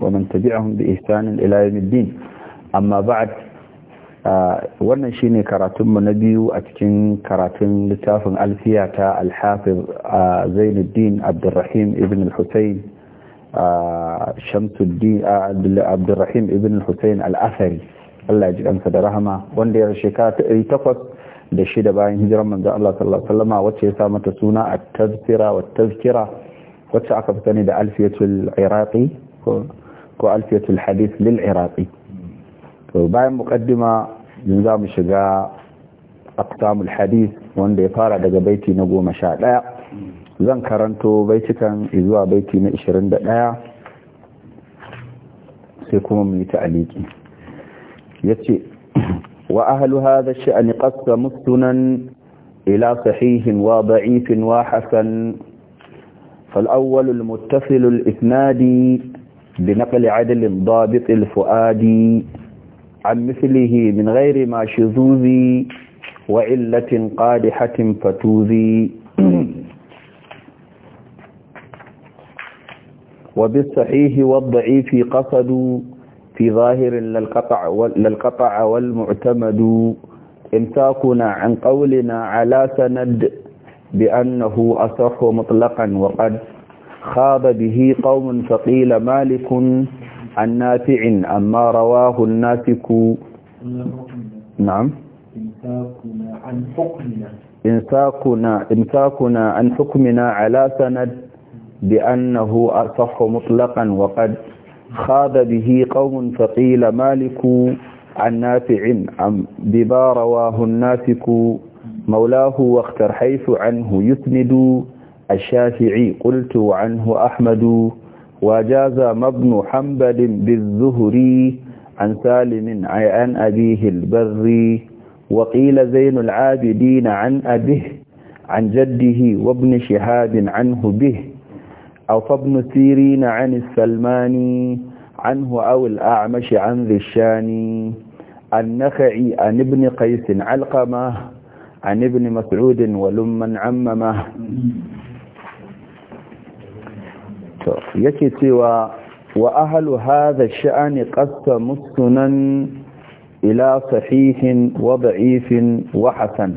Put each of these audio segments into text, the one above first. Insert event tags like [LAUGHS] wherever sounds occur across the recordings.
ومن تبعهم بإحسان إلى يوم الدين أما بعد wannan shine karatunmu na biyu a cikin karatun littafin alfiya ta alhafiz zainuddin abdurrahim ibn al-husayn shamsuddin abdurrahim ibn al al-athari Allah ji da rahama wanda ya shekara ta takwas da shida bayan hijiran manza Allah sallallahu alaihi wacce ya sa mata suna a tazkira wa tazkira wacce aka fi sani da alfiyatul iraqi كو ألفيت الحديث للعراقي وبعد مقدمة نظام الشجاع أقسام الحديث وان دي فارع بيتي نقو مشاع لايا زن كرنتو بيتي كان إذوا بيتي نقشرن دقايا سيكون من تعليقي يتي وأهل هذا الشأن قصة مستنا إلى صحيح وضعيف وحسن فالأول المتصل الإثنادي بنقل عدل ضابط الفؤاد عن مثله من غير ما شذوذ وعلة قادحة فتوذي [CLEARS THROAT] وبالصحيح والضعيف قصدوا في ظاهر للقطع, للقطع والمعتمد امساكنا عن قولنا على سند بأنه أصح مطلقا وقد خاب به قوم فقيل مالك عن نافع أما رواه الناسك نعم إمساكنا عن حكمنا إمساكنا, إمساكنا عن حكمنا على سند بأنه أصح مطلقا وقد خاب به قوم فقيل مالك عن نافع بما رواه الناسك مولاه واختر حيث عنه يسند الشافعي قلت عنه أحمد وجاز مبن حنبل بالزهري عن سالم عن أبيه البري وقيل زين العابدين عن أبيه عن جده وابن شهاب عنه به أو فابن سيرين عن السلماني عنه أو الأعمش عن ذي الشاني النخعي عن ابن قيس علقمه عن ابن مسعود ولما عممه to yake cewa wa ahlu hadha sha'ani qasamu sunan ila sahihin wa da'ifin wa hasan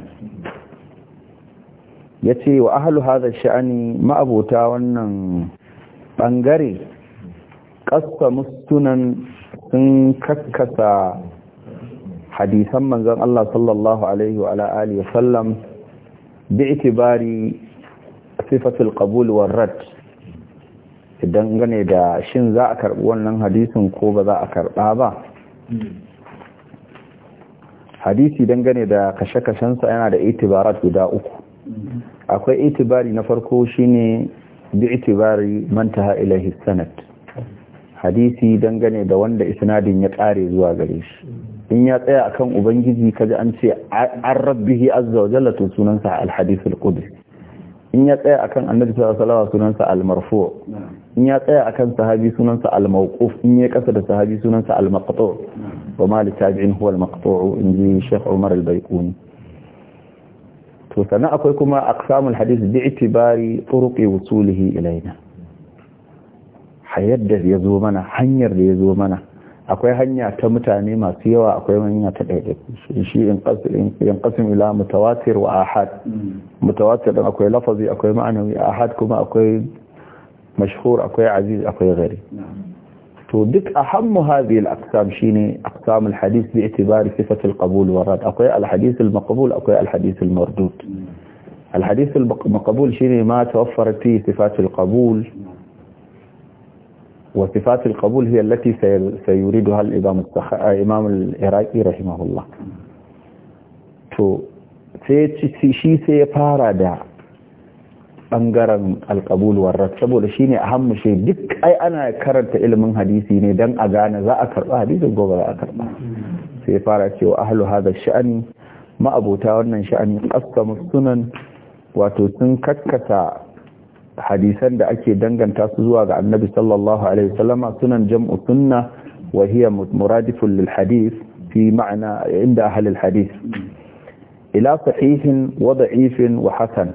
yace wa ahlu hadha sha'ani ma'abota wannan bangare qasamu sunan sun kakkasa hadisan manzon Allah sallallahu alaihi wa alihi wa sallam bi'tibari sifatul qabul war rad gane da shin za a karɓi wannan hadisin ko ba za a karɓa ba hadisi dangane da kashe-kashensa yana da itibarat guda uku akwai itibari na farko shine bi itibari mantaha ilahi sanad hadisi gane da wanda isnadin ya kare zuwa gare shi in ya tsaya akan ubangiji kaji an ce an rabbihi azza wa jalla sunansa al qudsi in ya tsaya akan annabi sallallahu alaihi wasallam sunansa al in ya tsaya akan sahabi sunansa al-mawquf in ya kasa da sahabi sunansa al-maqtu' wa ma li tabi'in huwa al-maqtu' in ji Sheikh Umar al-Baiquni to sannan akwai kuma aqsamul hadith bi itibari turuqi wusulihi ilaina hayyad da ya zo mana hanyar da ya zo mana akwai hanya ta mutane masu yawa akwai hanya ta ɗaya shi in qasim ila mutawatir wa ahad mm. mutawatir akwai lafazi akwai ma'anawi ahad kuma akwai مشهور اكو عزيز اكو غيري نعم. تودك اهم هذه الاقسام شيني اقسام الحديث باعتبار صفه القبول والرد اكو الحديث المقبول اكو الحديث المردود نعم. الحديث المقبول شيني ما توفرت فيه صفات القبول نعم. وصفات القبول هي التي سيريدها الامام الصخ... آه، امام العراقي رحمه الله تو سي سي سي فارادا bangaren alkabul warrat saboda shine a duk ai ana karanta ilimin hadisi ne dan a gane za a karba hadisin gobe za a karba sai fara cewa ahlu hadha sha'ani ma'abuta wannan sha'ani qasamu sunan wato sun kakkata hadisan da ake danganta su zuwa ga annabi sallallahu alaihi wasallama sunan jam'u sunna wa hiya muradifun lil hadith fi ma'na inda ahli al hadith ila sahihin wa da'ifin wa hasan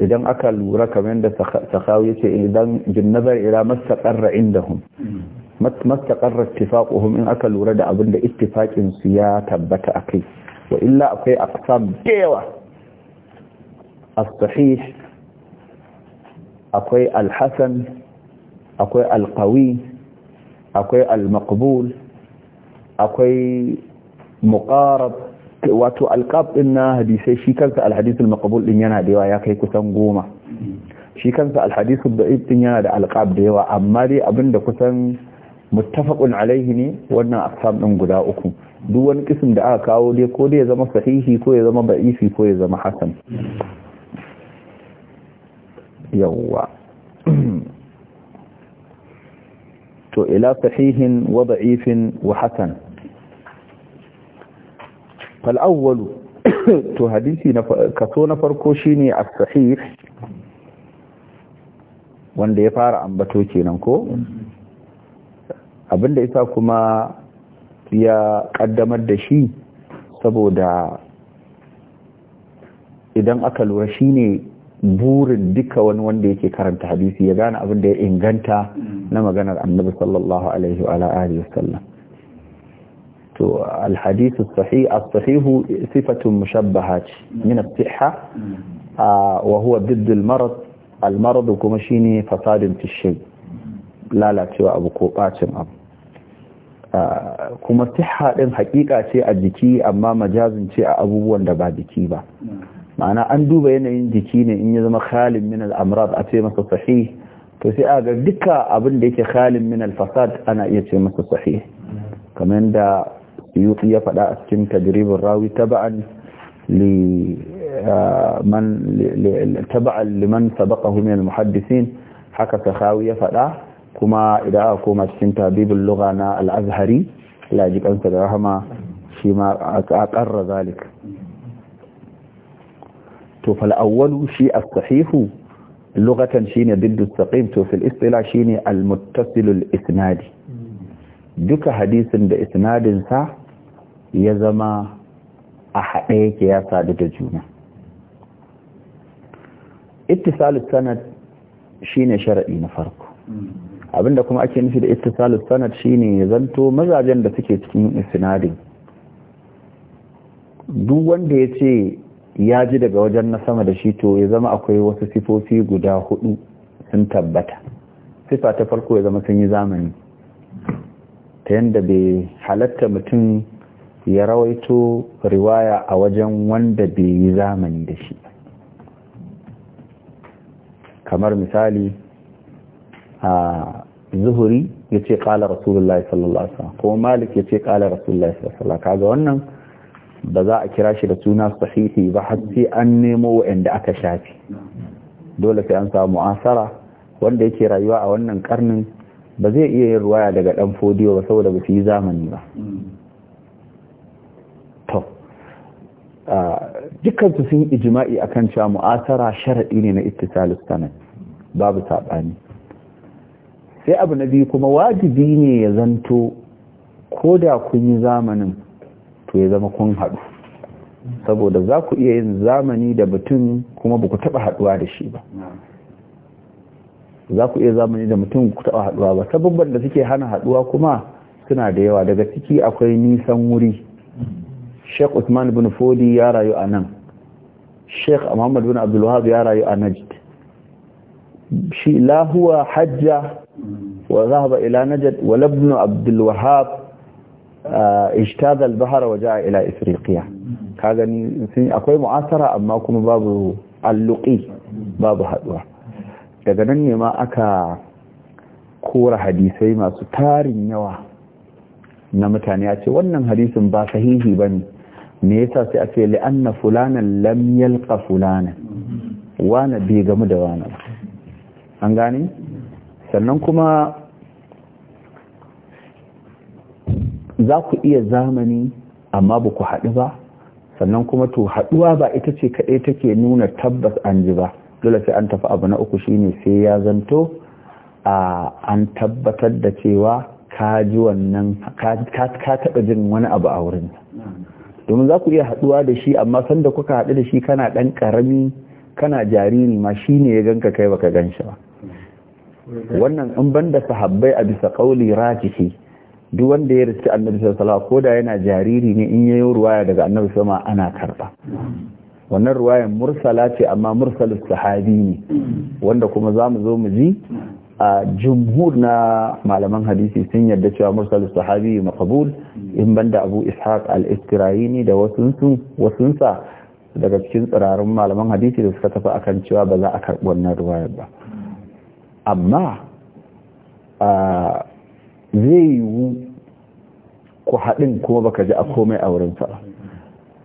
idan aka lura kamar da sakawi yace idan bin nazar ila mastaƙarra indahum mastaƙarra ittifaquhum in aka lura da abin da ittifaqin su ya tabbata akai wa illa akwai aqsam da as-sahih akwai al-hasan akwai al-qawi akwai al-maqbul akwai muqarab wato alkab din na hadisai shi kansa alhadisul maqbul din yana da yawa ya kai kusan goma shi kansa alhadisul da'if din yana da alkab da yawa amma dai abinda kusan muttafaqun alaihi ne wannan aqsam ɗin guda uku duk wani kisim da aka kawo dai ko dai ya zama sahihi ko ya zama da'ifi ko ya zama hasan yawwa to ila sahihin wa da'ifin wa hasan fal'awwalu to hadisi kaso na farko shine as-sahih wanda ya fara ambato kenan ko abinda isa kuma ya kaddamar da shi saboda idan aka lura shine burin duka wani wanda yake karanta hadisi ya gane abinda ya inganta na maganar annabi sallallahu alaihi wa alihi wasallam to alhadisu sahihu sifatun mushabbaha ce min siha mm. wa huwa diddul marad almarad kuma shine fasadin fi lalacewa abu ko bacin abu kuma siha din hakika ce a jiki amma majazin ce a abubuwan da ba jiki ba mm. ma'ana an duba yanayin jiki ne in ya zama khalin min al'amrad a ce masa sahih to sai a ga duka abin da yake khalin min al-fasad ana iya ce masa sahih mm. kamar da. يوطي فلا اسكن تدريب الراوي تبعا لمن آه، تبعا لمن سبقه من المحدثين حكى سخاوية فلا كما اذا كما اسكن تابيب اللغه نا الازهري لا يجب ان تدرهما فيما اقر ذلك تو فالاول شيء الصحيح لغه شيء ضد السقيم تو في الاصطلاح شيء المتصل الاسنادي دوك حديث باسناد صح ya zama a haɗe yake ya sadu da juna ittisalus sanad shine sharaɗi na farko abinda kuma ake nufi da ittisalus sanad shine ya zanto mazajen da suke cikin sinadin duk wanda ya ce ya ji daga wajen na sama da shi to ya zama akwai wasu sifofi guda hudu sun tabbata sifa ta farko ya zama sun yi zamani ta yadda bai halatta mutum ya rawaito riwaya a wajen wanda bai yi zamani da shi kamar misali a zuhuri ya ce kala rasulullah sallallahu alaihi wasallam kuma malik ya ce kala rasulullah sallallahu alaihi kaga wannan ba za a kira shi da suna sahihi ba har sai an nemo wa'anda aka shafi dole sai an samu asara wanda yake rayuwa a wannan karnin ba zai iya yin ruwaya daga dan fodiyo ba saboda ba su yi zamani ba su sun yi ijima'i akan cewa mu'asara sharaɗi ne na ittisalus sanad babu saɓani sai abu na biyu kuma wajibi ne ya zanto ko da kun yi zamanin to ya zama kun haɗu saboda za ku iya yin zamani da mutum kuma ba ku taɓa haɗuwa da shi ba za ku iya zamani da mutum ku taɓa haɗuwa ba sababban da suke hana haɗuwa kuma suna da yawa daga ciki akwai nisan wuri sheikh usman bin fodi ya rayu a nan sheikh muhammad bin abdulwahab ya rayu a najd shi lahuwa hajja wa zahaba ila najd wa labnu abdulwahab uh, ijtada al-bahra wa jaa ila ifriqiya ka gani akwai mu'asara amma kuma babu alluqi babu haduwa daga nan ne ma aka kora hadisai masu tarin yawa na mutane a ce wannan hadisin ba sahihi ba ne me yasa sai a ce anna fulanan lam yalqa fulanan wana bi gamu da wana an gane sannan kuma za ku iya zamani amma ba ku haɗu ba sannan kuma to haɗuwa ba ita ce kaɗai take nuna tabbas an ji ba dole sai an tafi abu na uku shine sai ya zanto a an tabbatar da cewa ka ji wannan ka taɓa jin wani abu a wurin. domin za ku iya haɗuwa da shi amma sanda kuka haɗu da shi kana ɗan ƙarami kana jariri ma shi ne ya ganka kai baka gan shi ba wannan in ban da sahabbai a bisa ƙauli rajihi duk wanda ya riski annabi sallallahu ko da yana jariri ne in yayi ruwaya daga annabi sama ana karba wannan ruwayan mursala ce amma mursalus sahabi ne wanda kuma zamu zo mu ji a jumhur na malaman hadisi sun yarda cewa mursal sahabi maqbul in banda abu ishaq al-istiraini da wasunsu wasunsa daga cikin tsirarin malaman hadisi da suka tafi akan cewa ba za a karɓi wannan ruwayar ba amma zai yiwu ku haɗin kuma baka ji a komai a wurinsa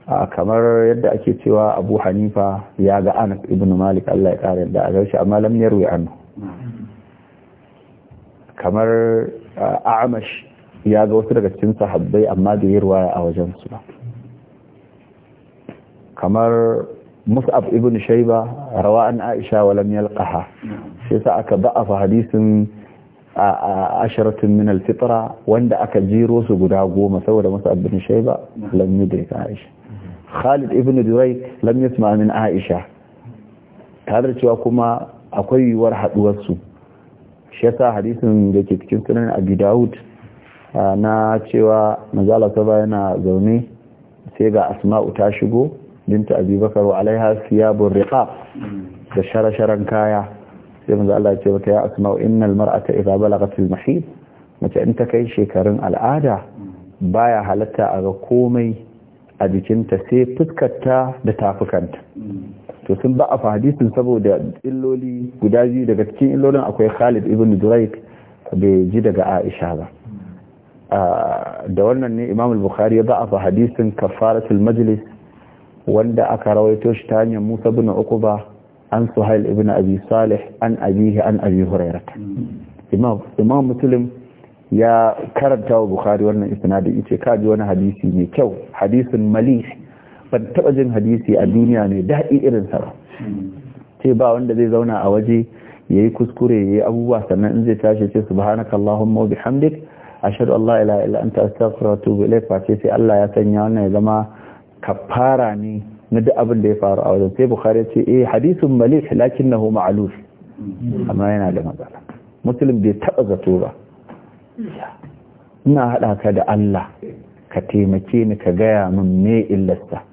ba kamar yadda ake cewa abu hanifa ya ga anas ibn malik allah ya ƙara yadda a gaishe amma lam yarwi anhu kamar uh, amash ya ga wasu daga cikin sahabbai amma da yi ruwaya a wajensu ba kamar mus'ab ibn shaiba rawa an aisha wa lam yalqaha shi sa aka fa hadisin asharatun min alfitra wanda aka jiro su guda goma saboda mus'ab ibn shaiba lam yudrika aisha khalid ibn durai lam yasma min aisha tare da cewa kuma akwai yiwuwar haduwar su shi hadisin da ke cikin sunan abu dawud na cewa mazala ba yana zaune sai ga asma'u ta shigo dinta abi bakar wa alaiha siyabun da shara-sharan kaya sai mazala Allah ya ce asma'u inna mar'ata idza balagat al mahid mace in ta kai shekarun al'ada baya halatta a ga komai a jikinta sai fuskarta da tafukanta to sun ba a hadisin saboda illoli guda biyu daga cikin illolin akwai Khalid ibn da bai ji daga Aisha ba da wannan ne Imam bukhari ya ba a hadisin kafaratul majlis wanda aka rawaito shi ta hanyar Musa uku ba an Suhail ibn Abi Salih an abihi an Abi Hurairah Imam Muslim ya karanta wa Bukhari wannan isnadi da ka ji wani hadisi mai kyau hadisin mali. ban taba jin hadisi a duniya mai daɗi irin sa ce ba wanda zai zauna a waje yayi kuskure yayi abubuwa sannan in zai tashi ce subhanakallahumma wa bihamdik ashhadu an la ilaha illa anta astaghfiruka wa atubu sai Allah ya sanya wannan ya zama kafara ne na duk abin da ya faru a wajen sai bukhari ce eh hadisun malih lakinnahu ma'luf amma yana da matsala muslim bai taba zato ba ina haɗa ka da Allah ka taimake ni ka gaya min me illasta.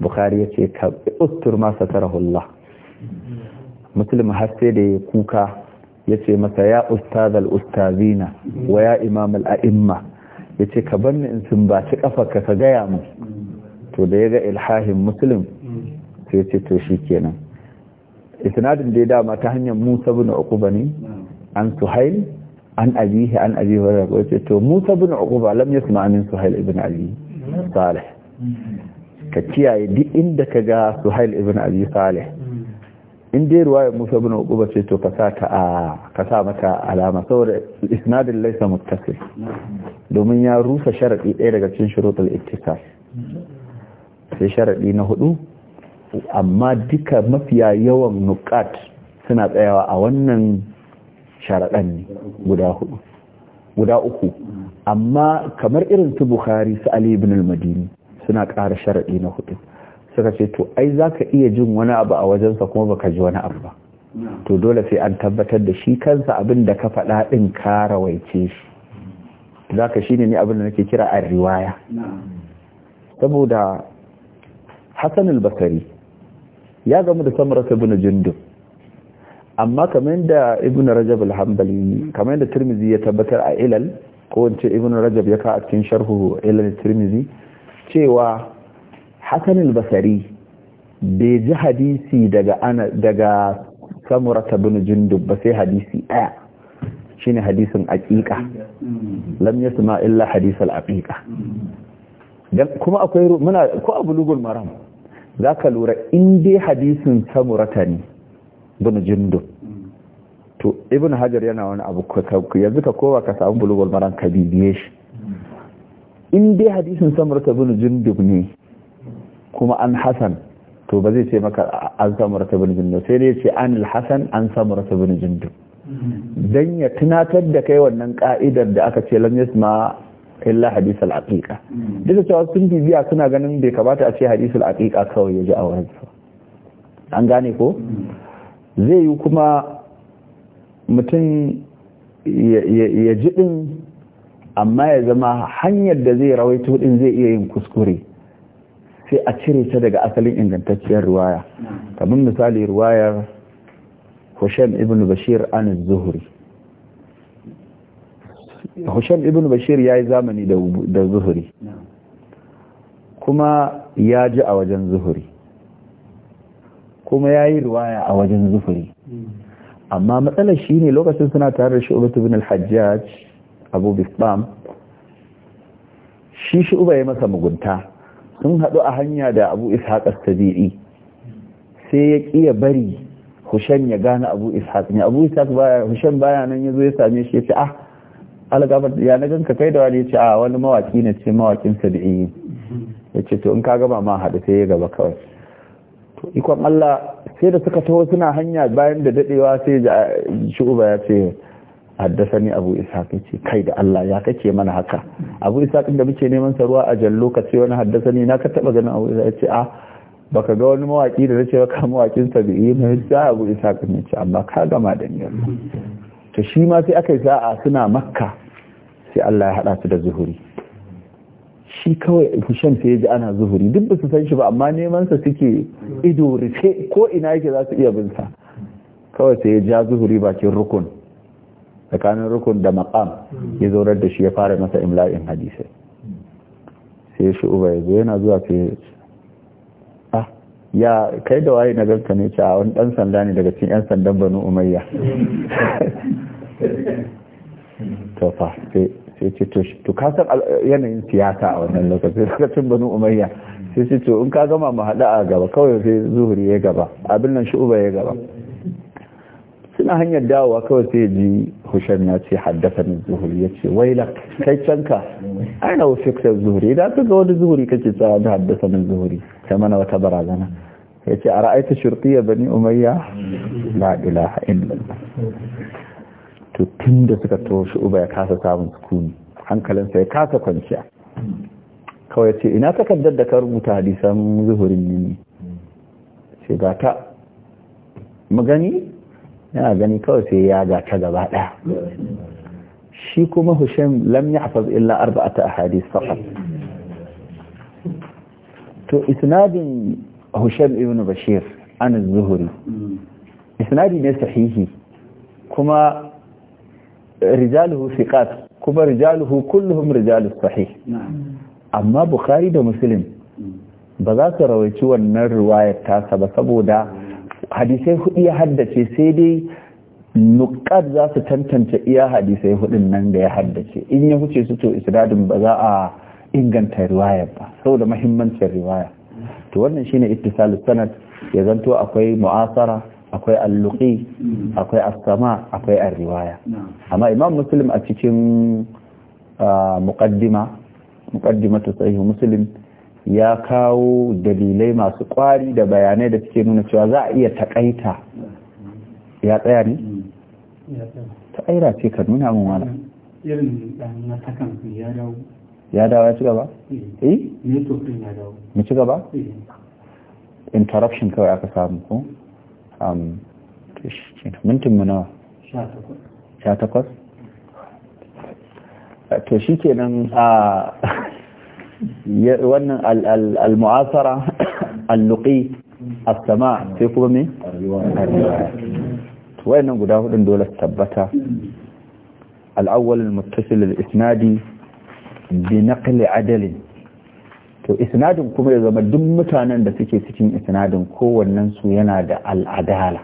bukhari ya ce ka ustur ma satarahullah muslim har sai da ya kuka ya ce masa ya ustazal ustazina wa ya imam al'a'imma ya ce ka bar ni in sumbaci kafa ka gaya mu to da ya ga ilhahin muslim sai ce to shi kenan isnadin da ya dama ta hanyar musa bin uquba ne an suhail an abihi an abihi wa ce to musa bin uquba lam yasma min suhail ibn ali salih ka kiyaye duk inda ka ga suhail ibn abi salih in dai ruwayar musa ibn uquba ce to ka sa a ka sa mata alama saboda isnadin laysa muttasil domin ya rusa sharadi ɗaya daga cikin shurutul ittisal sai sharadi na hudu amma duka mafiya yawan nukat suna tsayawa a wannan sharadan ne guda hudu guda uku amma kamar irin su bukhari su ali ibn al-madini suna ƙara sharaɗi na hudu suka ce to ai za ka iya jin wani abu a wajensa kuma ba ka ji wani abu ba to dole sai an tabbatar da shi kansa abin da ka faɗa ɗin ka rawaice shi za ka shi ne abin da nake kira a riwaya saboda hassan albasari ya gamu da rasa ibn Jindu. amma kamar da ibn rajab alhambali kamar da Turmizi ya tabbatar a ilal ko wance ibn rajab ya ka a cikin sharhu ilal Turmizi. cewa hasan al-basari bai ji hadisi daga ana daga samurata bin jundub ba sai hadisi ɗaya shine hadisin aqiqa lam yasma illa hadis al-aqiqa dan kuma akwai muna ko lugul maram zaka lura in dai hadisin samurata ne bin jundub to ibn hajar yana wani abu yanzu ka kowa ka samu bulugul maram ka bibiye shi in dai hadisin samarta bin jundub ne kuma an hasan to ba zai ce maka an samarta bin jundub sai dai ce an hasan an samarta bin jundub dan ya tunatar da kai wannan ka'idar da aka ce lam yasma illa hadis al-aqiqa duk cewa sun bibiya suna ganin bai kamata a ce hadis al kawai ya ji a wurin an gane ko zai yi kuma mutum ya ji din amma ya zama hanyar da zai rawaito din zai iya yin kuskure sai a cire ta daga asalin ingantacciyar ruwaya kamar misali ruwayar Hushen ibn Bashir an Zuhri Hushen ibn Bashir ya yi zamani da zuhuri kuma ya ji a wajen Zuhri kuma ya yi ruwaya a wajen Zuhri amma matsalar shi ne lokacin suna tare da shi ibn al-Hajjaj abu bisbam shi shi uba ya masa mugunta sun haɗu a hanya da abu ishaq astabi'i sai ya bari hushen ya gane abu ishaq ne abu ishaq baya hushen baya nan yazo ya same shi ya ce ah algabar ya na ganka kai da wani ya ce a ah, wani mawaki ne ce mawakin sabi'i ya ce to in ka gaba ma haɗu sai ya gaba kawai to ikon Allah sai da suka taho suna hanya bayan da daɗewa sai shi uba ya ce haddasani abu ishaq ce kai da Allah ya kace mana haka abu ishaq da muke neman sa ruwa a jallo ka wani haddasani na ka taba ganin abu ishaq ce a ah, baka ga wani mawaki da nace ka mawakin tabi'i ne sa ah, abu ishaq ne ce amma ka gama da ni to shi ma sai aka yi sa'a suna makka sai Allah ya hada su da zuhuri shi kawai Hisham sai ji ana zuhuri duk ba su san shi ba amma neman sa suke ido rufe ko ina yake za su iya bin sa kawai sai ya ja zuhuri bakin rukun tsakanin rukun da maqam ya zaurar da shi ya fara masa imla'in hadisai sai shi uba ya zo yana zuwa ce ah ya kai da waye na ganka ne ce a wani dan sanda ne daga cikin yan sandan banu umayya [LAUGHS] to fa sai ce to ka san yanayin siyasa a wannan lokacin cikin banu umayya sai ce to in ka gama mu haɗa a gaba kawai sai zuhuri ya gaba abin nan shi uba ya gaba suna hanyar dawowa kawai sai ji hushen ya ce haddasa ni zuhuri ya ce waila kai canka aina wafikta zuhuri idan ka ga wani zuhuri kake tsawa da haddasa min zuhuri ta mana wata barazana ya ce a ra'aita shirtiya bani umayya la ilaha illallah to tun da suka toshe uba ya kasa samun sukuni hankalinsa ya kasa kwanciya kawai ce ina takardar da ka rubuta hadisan zuhurin ne ce ba ta magani yana gani kawai sai ya gata gaba ɗaya shi kuma lamya a yahfaz illa a ahadith faqat to isnadin hushen ibn bashir an zuhuri isnadi ne sahihi kuma rijaluhu thiqat kuma rijaluhu kulluhum rijalus sahih amma bukhari da muslim ba za su rawaici wannan riwayar tasa ba saboda hadisai hudu ya haddace sai dai nukar za su tantance iya hadisai hudun nan da ya haddace in ya huce su to isradin ba za a inganta riwaya ba saboda mahimmancin riwaya to wannan shine ittisal sanad ya zanto akwai mu'asara akwai alluqi akwai askama, akwai a riwaya amma imam muslim a cikin ah, muqaddima muqaddimatu sahih muslim ya kawo dalilai masu kwari da bayanai da suke nuna cewa za a iya takaita ya tsaya ne? Mm. ta aira ce ka nuna mun wala irin na takan ya dawo ya dawo ya ci gaba? Mm. eh? ya dawo mu ci gaba? eh interruption kawai aka samu ko? Um, mintin mu nawa? sha takwas sha takwas to shi kenan a ah, [LAUGHS] wannan al-mu'asara [COUGHS] al-luqi as-sama sai kuma me Wannan guda hudun dole su tabbata al-awwal isnadi bi naqli adalin to isnadin kuma ya zama duk mutanen da suke cikin isnadin kowannen su yana da al'adala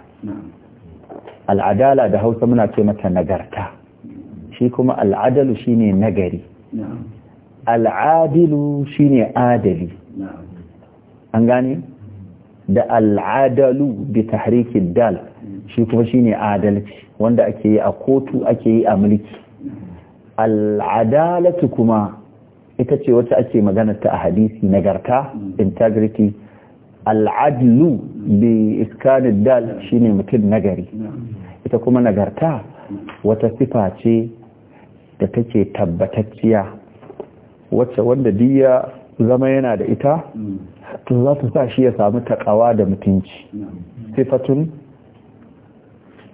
al'adala da hausa muna ce mata nagarta shi kuma al'adalu shine nagari al'adilu shine adali an gane da al'adalu bi tahrikin dal shi kuma shine adalci wanda ake yi a kotu ake yi a mulki al'adalatu kuma ita ce wata ake maganarta a hadisi nagarta integrity al'adlu bi iskani dal shine mutum nagari ita kuma nagarta wata sifa ce da take tabbatacciya wacce wanda diya zama yana da ita to za ta sa shi ya samu takawa da mutunci sifatun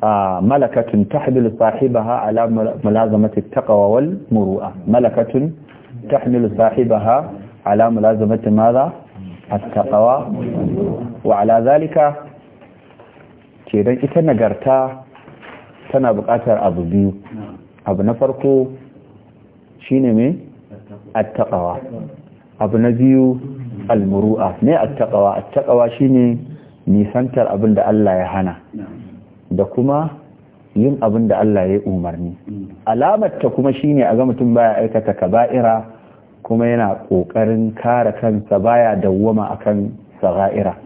a malakatun tahmil sahibaha ala mulazamati taqwa wal muru'a malakatun tahmil sahibaha ala mulazamati madha at-taqwa wa ala zalika ke dan ita nagarta tana bukatar abu biyu abu na farko shine me attaqawa abu na biyu almuru'a ne attaqawa attaqawa shine nisantar abin da Allah ya hana da kuma yin abin da Allah ya umarni alamar ta kuma shine a ga mutum baya aikata kaba'ira kuma yana kokarin kare kansa baya dawwama akan saga'ira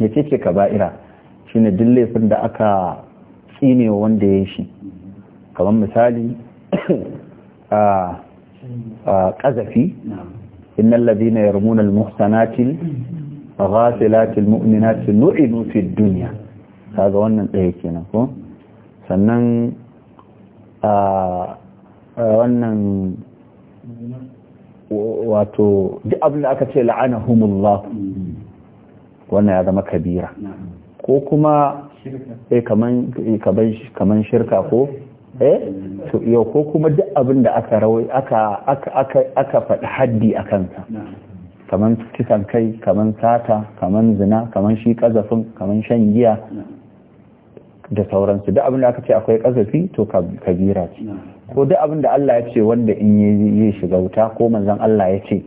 yace ce kaba'ira shine duk laifin da aka tsinewa wanda ya shi kamar misali [CLEARS THROAT] a ƙazafi innal ladina yarmuna almuhsanati ghasilati almu'minati nu'inu fi duniya. kaga wannan ɗaya kenan ko sannan wannan wato duk abin da aka ce la'anahumullah wannan ya zama kabira ko kuma kaman shirka ko eh to yau ko kuma duk abin da aka rawai aka aka faɗi haddi a kansa kaman kisan kai kaman sata kaman zina kaman shi kazafin kaman shan giya da sauransu duk abin da aka ce akwai kazafi to kabira ce ko duk abin da Allah ya ce wanda in ya shiga wuta ko manzon Allah ya ce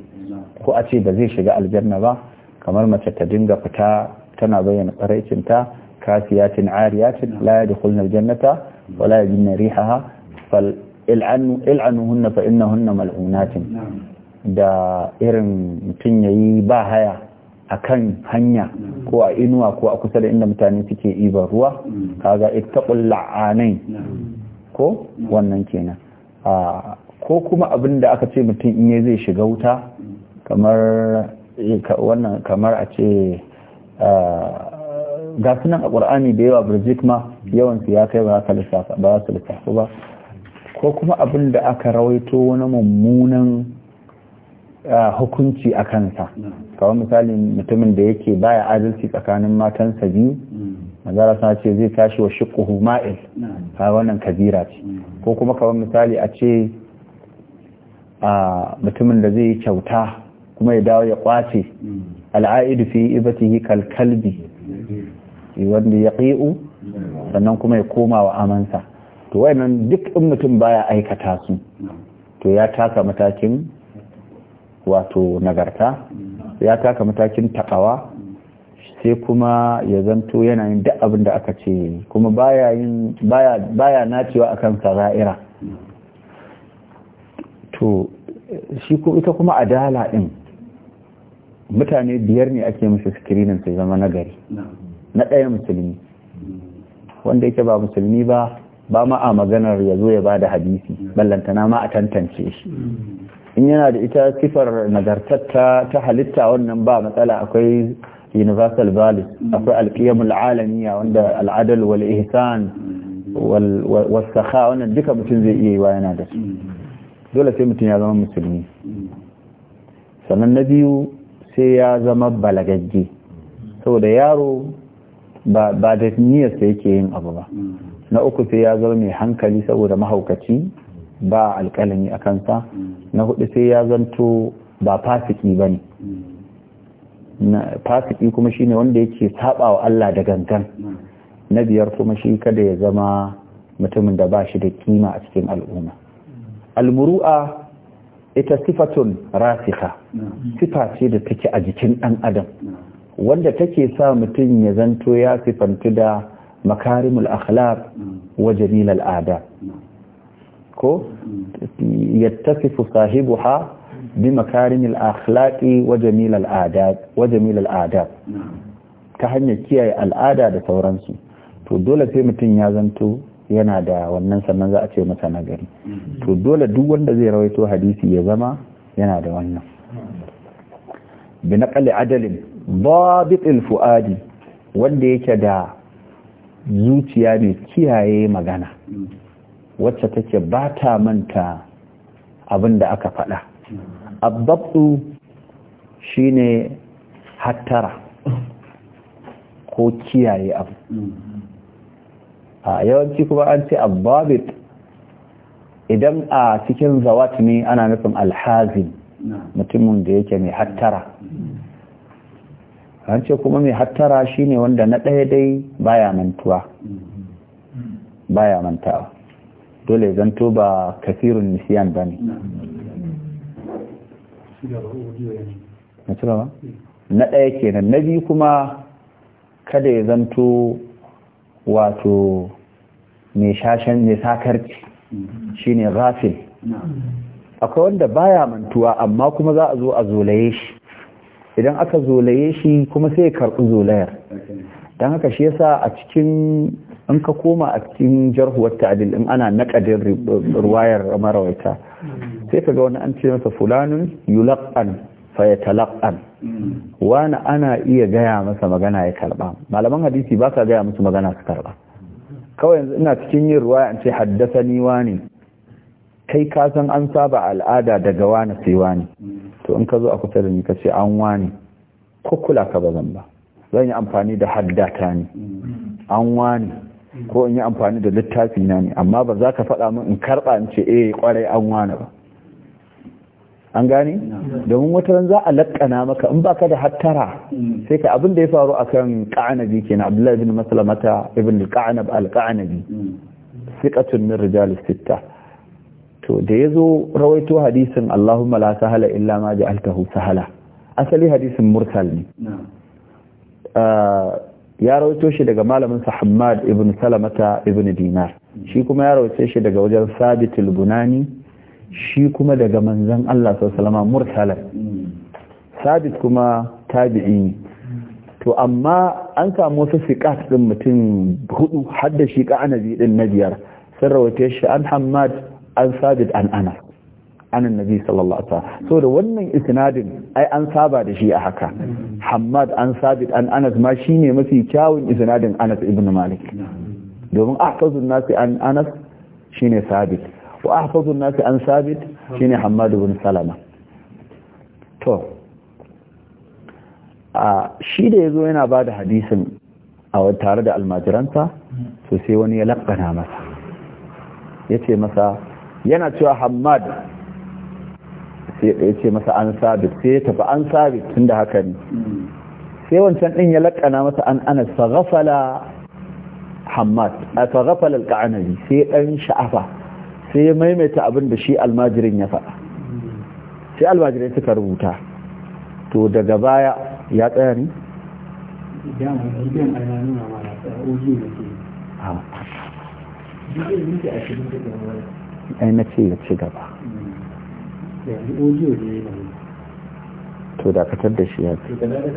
ko a ce ba zai shiga aljanna ba kamar mace ta dinga fita tana bayyana tsaraicinta kafiyatin ariyatin la yadkhulna aljannata ولا يجدن ريحها فالعنهن فإنهن ملعونات da irin mutum ya yi ba haya a kan hanya ko a inuwa ko a kusa da inda mutane suke ibar ruwa kaga ittaqul la'anai ko wannan kenan ko kuma abin da aka ce mutum in ya zai shiga wuta kamar a ce ga a ƙur'ani da yawa birjik ma yawan su ya kai ba za lissafa ba ka su lissafa ba ko kuma abin da aka rawaito wani mummunan hukunci a kansa kawai misali mutumin da yake baya adalci tsakanin matansa biyu hmm. manzara sana ce zai tashi wa shiqquhu ma'il hmm. ka wannan kabira ce hmm. ko kuma kawai misali a ce mutumin da zai yi kyauta kuma ya dawo ya kwace al'aidu fi ibatihi kalkalbi wanda ya ƙi'u sannan kuma ya koma wa amansa to wayannan duk in mutum baya aikata su to ya taka matakin wato nagarta ya taka matakin takawa sai kuma ya zanto yana yin duk abin da aka ce kuma baya yin baya baya nacewa akan sara'ira to shi ko ita kuma adala din mutane biyar ne ake musu screening su zama nagari na ɗaya musulmi wanda yake ba musulmi ba ba ma a maganar ya zo ya ba da hadisi ballantana ma a tantance shi in yana da ita sifar nagartatta ta halitta wannan ba matsala akwai universal values akwai alƙiyamul alamiya wanda al'adal wal ihsan wal sakha wannan duka mutum zai iya yi wa yana da su dole sai mutum ya zama musulmi sannan na biyu sai ya zama balagagge saboda yaro ba da da niyyarsa yake yin abu ba na uku sai ya zama mai hankali saboda mahaukaci ba alƙalami a kansa na hudu sai ya zanto ba fasiki ba ne fasiki kuma shi ne wanda yake saba wa Allah da gangan na biyar kuma shi kada ya zama mutumin da ba shi da kima a cikin al'umma almuru'a ita sifatun rasika sifa ce da take a jikin ɗan adam wanda take sa mutum ya zanto ya sifantu da makarimul akhlaq wa jamil al'ada ko yattasifu sahibuha bi makarimil akhlaqi wa jamil al'ada wa jamil al'ada ta hanyar kiyaye al'ada da sauransu to dole sai mutum ya zanto yana da wannan sannan za a ce masa nagari to dole duk wanda zai rawaito hadisi ya zama yana da wannan bi naqli adalin dabit fu'adi wanda yake da zuciya mai kiyaye magana wacce take ba ta manta abin da aka faɗa abbabtu shine hattara ko kiyaye abu a yawanci kuma an ce abbabit idan a cikin zawat ne ana nufin alhazin mutumin da yake mai hattara an ce kuma mai hattara shine wanda na ɗaya dai baya mantuwa baya mantawa dole zanto ba kafirun nisiyan ba ne na ɗaya kenan na biyu kuma kada ya zanto wato mai shashen mai sakarci shine rafin. akwai wanda baya mantuwa amma kuma za a zo a zolaye shi idan aka zolaye shi kuma sai ya karɓi zolayar don haka shi yasa a cikin in ka koma a cikin jarhuwar ta'adil in ana naƙadin ruwayar marawaita sai ka ga wani an ce masa fulanin yulaƙan fayatalaqan wani ana iya gaya masa magana ya karɓa. malaman hadisi ba sa gaya musu magana su karɓa. kawai yanzu ina cikin yin ruwaya an ce haddasa ni wani kai kasan an saba al'ada daga wani sai wani to in ka zo a kusa da ni ka ce an wani ko kula ka ba zan ba zan yi amfani da haddata ne an wani ko in yi amfani da littafi na ne amma ba za ka faɗa min in karɓa in ce e eh, kwarai an wani ba an gane domin wata ran za a lakkana maka in baka da hattara sai ka abin da ya faru akan ƙanabi kenan abdullahi bin maslamata ibn al-qanab al min rijal sitta to da ya zo rawaito hadisin Allahumma la sahala illa ma ja'altahu sahala asali hadisin mursal ne ah, ya rawaito shi daga malamin sa Hammad ibn Salamata ibn Dinar shi kuma ya rawaito shi daga wajen Sabit al-Bunani shi kuma daga manzon Allah sallallahu mursal hmm. Sabit kuma tabi'i ne to amma an samu wasu siqat din mutum hudu har da shi ka anabi din na biyar sun rawaito shi an Hammad an sabit an ana anan nabi sallallahu alaihi wasallam so da wannan isnadin ai an saba da shi a haka hammad an sabit an anas ma shine mafi kyawun isnadin anas ibn malik domin ahfazun nasi an anas shine sabit wa ahfazun nasi an sabit shine hammad ibn salama to a shi da yazo yana bada da hadisin a tare da almajiranta, to sai wani ya laƙana masa ya ce masa yana cewa hamad sai ɗaya ce masa an sabit sai ya tafi an sabit tun da haka ne sai wancan ɗin ya laƙana masa an anas fa ghafala hamad a fa ghafala alƙa'anabi sai ɗan sha'afa sai ya maimaita abin da shi almajirin ya faɗa sai almajirin suka rubuta to daga baya ya tsaya ne Ha. ai na ce ya ci gaba mm. to dakatar da shi ya